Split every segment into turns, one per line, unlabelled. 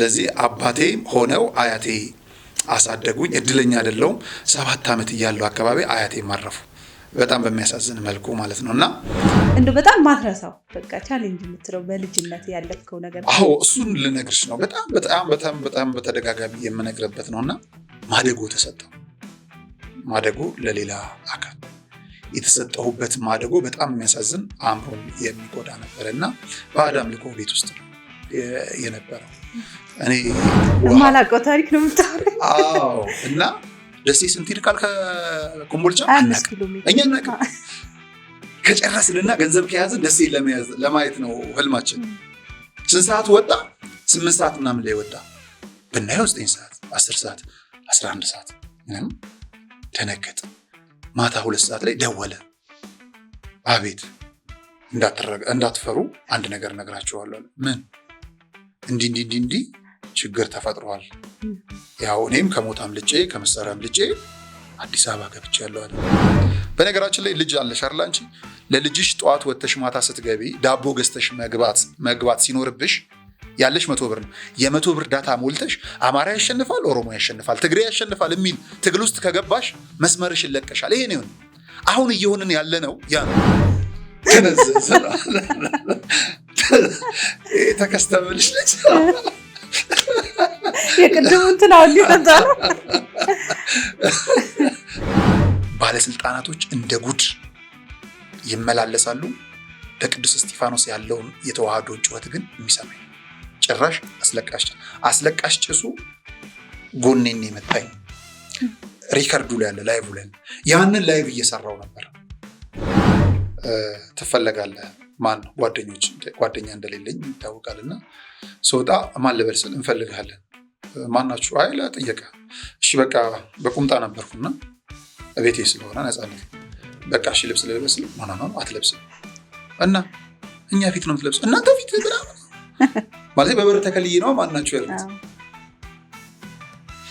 ስለዚህ አባቴ ሆነው አያቴ አሳደጉኝ። እድለኛ አይደለውም። ሰባት ዓመት እያለሁ አካባቢ አያቴ ማረፉ በጣም በሚያሳዝን መልኩ ማለት ነው። እና
እንደው በጣም ማትረሳው በቃ ቻሌንጅ የምትለው በልጅነት ያለፍከው ነገር?
አዎ እሱን ልነግርሽ ነው። በጣም በጣም በጣም በጣም በተደጋጋሚ የምነግርበት ነው። እና ማደጎ ተሰጠው ማደጎ ለሌላ አካል የተሰጠሁበት ማደጎ በጣም የሚያሳዝን አእምሮን የሚጎዳ ነበር እና በአዳም ልኮ ቤት ውስጥ ነው የነበረው።
እኔ ማላውቀው ታሪክ ነው የምታወራኝ።
እና ደሴ ስንት ይርቃል ከኮምቦልቻ? እኛ እናውቅም። ከጨረስንና ገንዘብ ከያዝን ደሴ ለማየት ነው ህልማችን። ስንት ሰዓት ወጣ? ስምንት ሰዓት ምናምን ላይ ወጣ። ብናየው ዘጠኝ ሰዓት፣ አስር ሰዓት፣ አስራ አንድ ሰዓት ደነገጥ። ማታ ሁለት ሰዓት ላይ ደወለ። አቤት። እንዳትፈሩ አንድ ነገር ነግራችኋለሁ። ምን እንዲህ እንዲህ እንዲህ ችግር ተፈጥሯል። ያው እኔም ከሞት አምልጬ ከመሳሪያ አምልጬ አዲስ አበባ ገብቼ ያለዋል። በነገራችን ላይ ልጅ አለሽ አይደል አንቺ ለልጅሽ ጠዋት ወተሽ ማታ ስትገቢ ዳቦ ገዝተሽ መግባት ሲኖርብሽ ያለሽ መቶ ብር ነው። የመቶ ብር ዳታ ሞልተሽ አማራ ያሸንፋል፣ ኦሮሞ ያሸንፋል፣ ትግሬ ያሸንፋል የሚል ትግል ውስጥ ከገባሽ መስመርሽ ይለቀሻል። ይሄ ነው አሁን እየሆንን ያለ ነው ያ ነው የተከስተምልሽ ልጅ
የቅድሙ እንትን አሁን ሊመጣ ነው።
ባለስልጣናቶች እንደ ጉድ ይመላለሳሉ። በቅዱስ እስጢፋኖስ ያለውን የተዋህዶን ጩኸት ግን የሚሰማኝ ጭራሽ አስለቃሽ አስለቃሽ ጭሱ ጎኔን የመታኝ ሪከርዱ ላይ ያለ ላይቭ ላይ ያንን ላይቭ እየሰራው ነበር። ትፈለጋለህ ማን ጓደኞች ጓደኛ እንደሌለኝ ይታወቃል። እና ስወጣ ማን ልበልስ እንፈልግሃለን ማናችሁ አይለ ጥየቀ እሺ በቃ በቁምጣ ነበርኩና ቤቴ ስለሆነ ነፃነት በቃ እሺ ልብስ ልልበስ ሆነ አትለብስም እና እኛ ፊት ነው የምትለብስ እናንተ ፊት ማለት በበር ተከልይ ነው ማናችሁ ያሉት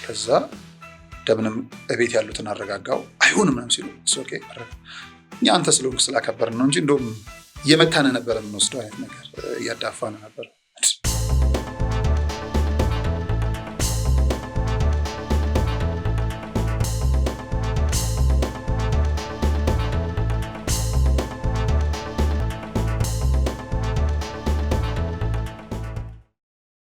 ከዛ ደምንም እቤት ያሉትን አረጋጋው አይሆንም ነው ሲሉ እኛ አንተ ስለሆንክ ስላከበርን ነው እንጂ እንደውም እየመካነ ነበረ የምንወስደው አይነት ነገር እያዳፋ ነው ነበር።